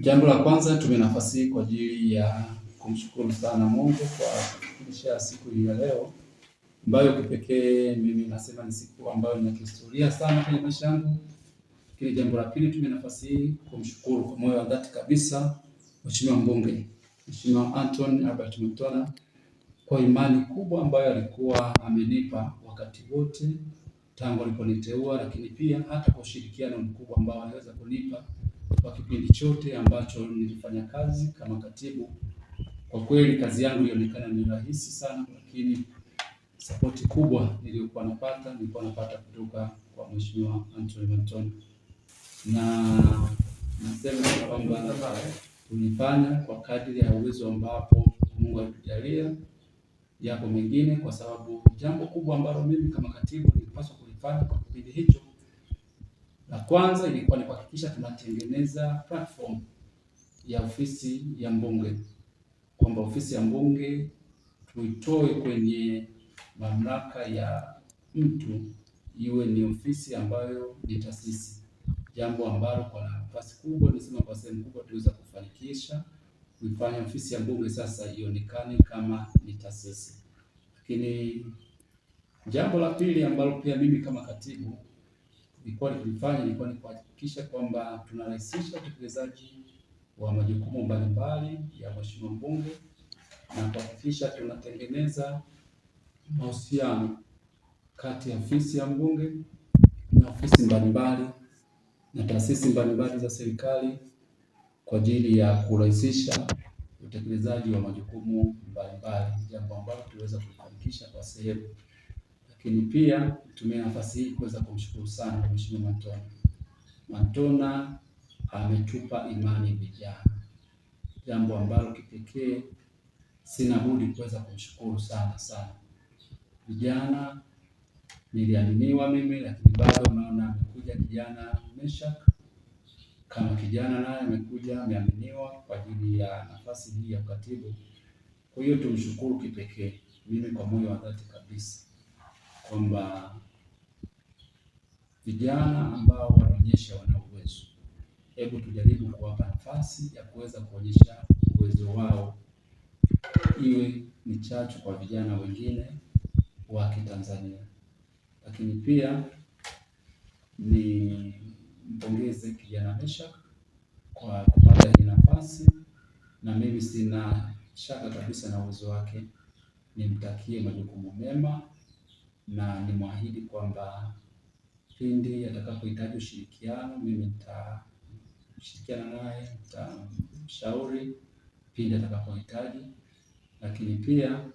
Jambo la kwanza tume nafasi kwa ajili ya kumshukuru sana Mungu kwa kufikisha siku hii ya leo ambayo kipekee mimi nasema ni siku ambayo ina kihistoria sana kwenye maisha yangu. Lakini jambo la pili tume nafasi kumshukuru kwa moyo wa dhati kabisa Mheshimiwa Mbunge, Mheshimiwa Anton Albert Mtwara kwa imani kubwa ambayo alikuwa amenipa wakati wote tangu aliponiteua, lakini pia hata kwa ushirikiano mkubwa ambao aliweza kunipa kwa kipindi chote ambacho nilifanya kazi kama katibu. Kwa kweli kazi yangu ilionekana ni rahisi sana, lakini sapoti kubwa niliyokuwa napata nilikuwa napata kutoka kwa Mheshimiwa Anthony Mantoni, na nasema kwamba tulifanya kwa kadri ya uwezo ambapo Mungu alitujalia. Yapo mengine, kwa sababu jambo kubwa ambalo mimi kama katibu nilipaswa kulifanya kwa kipindi hicho la kwanza ilikuwa ni kuhakikisha tunatengeneza platform ya ofisi ya mbunge, kwamba ofisi ya mbunge tuitoe kwenye mamlaka ya mtu iwe ni ofisi ambayo ni taasisi, jambo ambalo kwa nafasi kubwa nisema, kwa sehemu kubwa tuweza kufanikisha kuifanya ofisi ya mbunge sasa ionekane kama ni taasisi. Lakini jambo la pili ambalo pia mimi kama katibu nilikuwa nikifanya ilikuwa ni kuhakikisha kwamba tunarahisisha utekelezaji wa majukumu mbalimbali ya mheshimiwa mbunge na kuhakikisha tunatengeneza mahusiano kati ya ofisi ya mbunge na ofisi mbalimbali na taasisi mbalimbali za serikali kwa ajili ya kurahisisha utekelezaji wa majukumu mbalimbali, jambo ambalo tuliweza kufanikisha kwa sehemu. Lakini pia tumia nafasi hii kuweza kumshukuru sana Mheshimiwa Matona. Matona ametupa imani vijana, jambo ambalo kipekee sina budi kuweza kumshukuru sana sana. Vijana niliaminiwa mimi, lakini bado naona amekuja kijana Meshak kama kijana naye amekuja ameaminiwa kwa ajili ya nafasi hii ya ukatibu. Kwa hiyo tumshukuru kipekee, mimi kwa moyo wa dhati kabisa kwamba vijana ambao wanaonyesha wana uwezo, hebu tujaribu kuwapa nafasi ya kuweza kuonyesha uwezo wao, iwe ni chachu kwa vijana wengine wa Kitanzania. Lakini pia ni mpongeze kijana mesha kwa kupata hii nafasi, na mimi sina shaka kabisa na uwezo wake. Nimtakie majukumu mema na nimwahidi kwamba pindi atakapohitaji ushirikiano, mimi nitashirikiana naye, nitamshauri pindi atakapohitaji. Lakini pia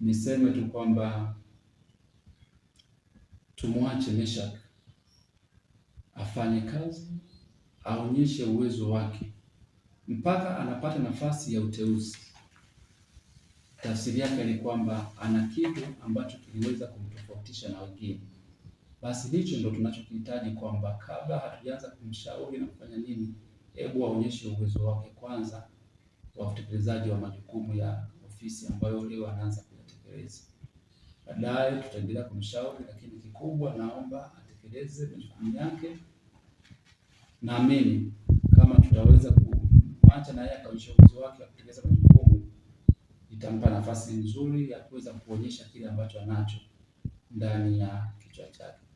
niseme tu kwamba tumwache Meshak afanye kazi, aonyeshe uwezo wake mpaka anapata nafasi ya uteuzi tafsiri yake ni kwamba ana kitu ambacho kiliweza kumtofautisha na wengine. Basi hicho ndo tunachokihitaji kwamba kabla hatujaanza kumshauri na kufanya nini, hebu aonyeshe uwezo wake kwanza wa utekelezaji wa majukumu ya ofisi ambayo leo anaanza kuyatekeleza. Baadaye tutaendelea kumshauri, lakini kikubwa, naomba atekeleze majukumu yake. Naamini kama tutaweza kumwacha na yeye akaonyesha uwezo wake wa kutekeleza itampa nafasi nzuri ya kuweza kuonyesha kile ambacho anacho ndani ya kichwa chake.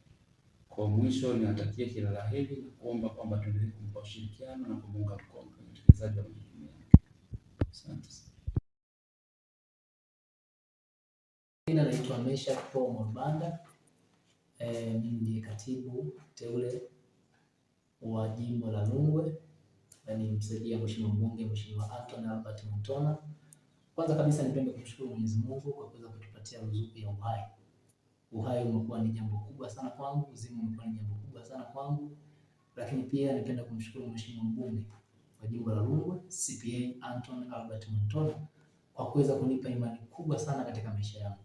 Kwa mwisho, ninatakia kila la heri na kuomba kwamba tuendelee kumpa ushirikiano na kumuunga mkono kwenye utekelezaji wa majukumu yake. Asante. Jina naitwa Mesha Paul Mwabanda. E, mimi ndiye katibu teule wa jimbo la Rungwe na ni msaidia mheshimiwa mbunge Mheshimiwa Anton Albert Mutona. Kwanza kabisa nipende kumshukuru Mwenyezi Mungu kwa kuweza kutupatia ruzuku ya uhai. Uhai umekuwa ni jambo kubwa sana kwangu, uzima umekuwa ni jambo kubwa sana kwangu, lakini pia nipende kumshukuru Mheshimiwa mbunge wa jimbo la Rungwe CPA Anton Albert Montona kwa kuweza kunipa imani kubwa sana katika maisha yangu.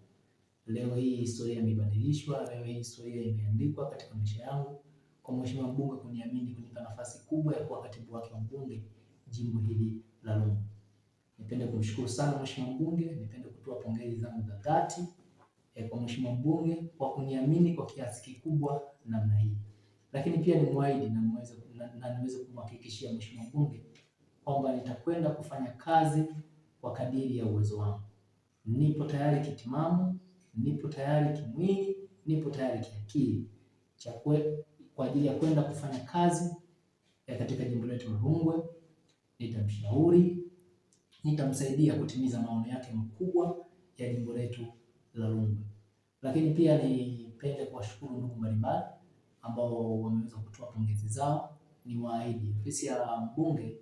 Leo hii historia imebadilishwa, leo hii historia imeandikwa katika maisha yangu kwa Mheshimiwa mbunge kuniamini, kunipa nafasi kubwa ya kuwa katibu wake wa mbunge jimbo hili la Rungwe. Nipende kumshukuru sana Mheshimiwa Mbunge, nipende kutoa pongezi zangu za dhati e, kwa Mheshimiwa Mbunge kwa kuniamini kwa kiasi kikubwa namna hii, lakini pia nimwaahidi na niweze na niweze kumhakikishia Mheshimiwa Mbunge kwamba nitakwenda kufanya kazi kwa kadiri ya uwezo wangu. Nipo tayari kitimamu, nipo tayari kimwili, nipo tayari kiakili cha kwa ajili ya kwenda kufanya kazi ya eh, katika jimbo letu Rungwe. Nitamshauri, nitamsaidia kutimiza maono yake makubwa ya jimbo letu la Rungwe. Lakini pia nipende kuwashukuru ndugu mbalimbali ambao wameweza kutoa pongezi zao. Ni waahidi ofisi ya mbunge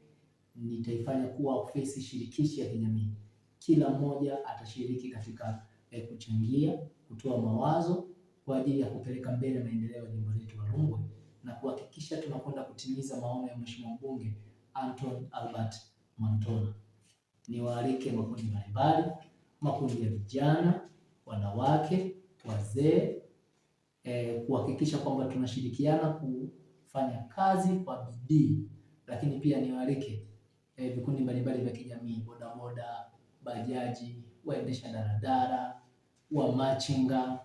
nitaifanya kuwa ofisi shirikishi ya kijamii. Kila mmoja atashiriki katika eh, kuchangia, kutoa mawazo kwa ajili ya kupeleka mbele maendeleo ya jimbo letu la Rungwe na kuhakikisha tunakwenda kutimiza maono ya Mheshimiwa mbunge Anton Albert Mwantona niwaalike makundi mbalimbali, makundi ya vijana, wanawake, wazee e, kuhakikisha kwamba tunashirikiana kufanya kazi kwa bidii, lakini pia niwaalike e, vikundi mbalimbali vya kijamii, bodaboda, bajaji, waendesha daladala, wamachinga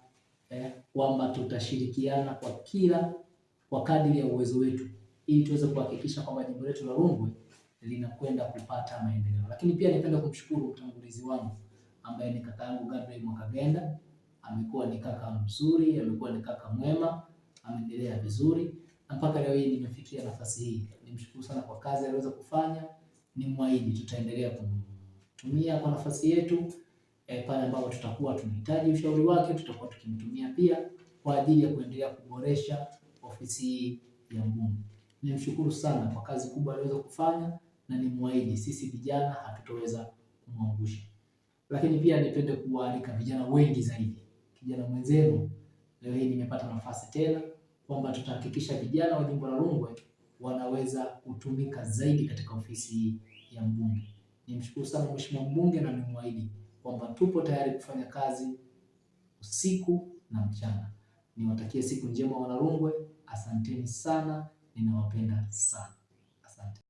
eh, kwamba tutashirikiana kwa kila kwa kadiri ya uwezo wetu ili tuweze kuhakikisha kwamba jimbo letu la Rungwe linakwenda kupata maendeleo. Lakini pia nipenda kumshukuru mtangulizi wangu ambaye ni kaka yangu Gabriel Mwakagenda. Amekuwa ni kaka mzuri, amekuwa ni kaka mwema, ameendelea vizuri na mpaka leo hii nimefikia nafasi hii. Nimshukuru sana kwa kazi aliweza kufanya, ni mwahidi tutaendelea kumtumia kwa nafasi yetu e, pale ambapo tutakuwa tunahitaji ushauri wake, tutakuwa tukimtumia pia kwa ajili ya kuendelea kuboresha ofisi hii ya Mbunge. Nimshukuru sana kwa kazi kubwa aliweza kufanya na ni mwahidi sisi vijana hatutoweza kumwangusha. Lakini pia nipende kuwaalika vijana wengi zaidi. Kijana mwenzenu, leo hii nimepata nafasi tena kwamba tutahakikisha vijana wa jimbo la Rungwe wanaweza kutumika zaidi katika ofisi hii ya mbunge. Nimshukuru sana mheshimiwa mbunge na nimwahidi kwamba tupo tayari kufanya kazi usiku na mchana. Niwatakie siku njema wanarungwe. Asanteni sana, ninawapenda sana. Asante.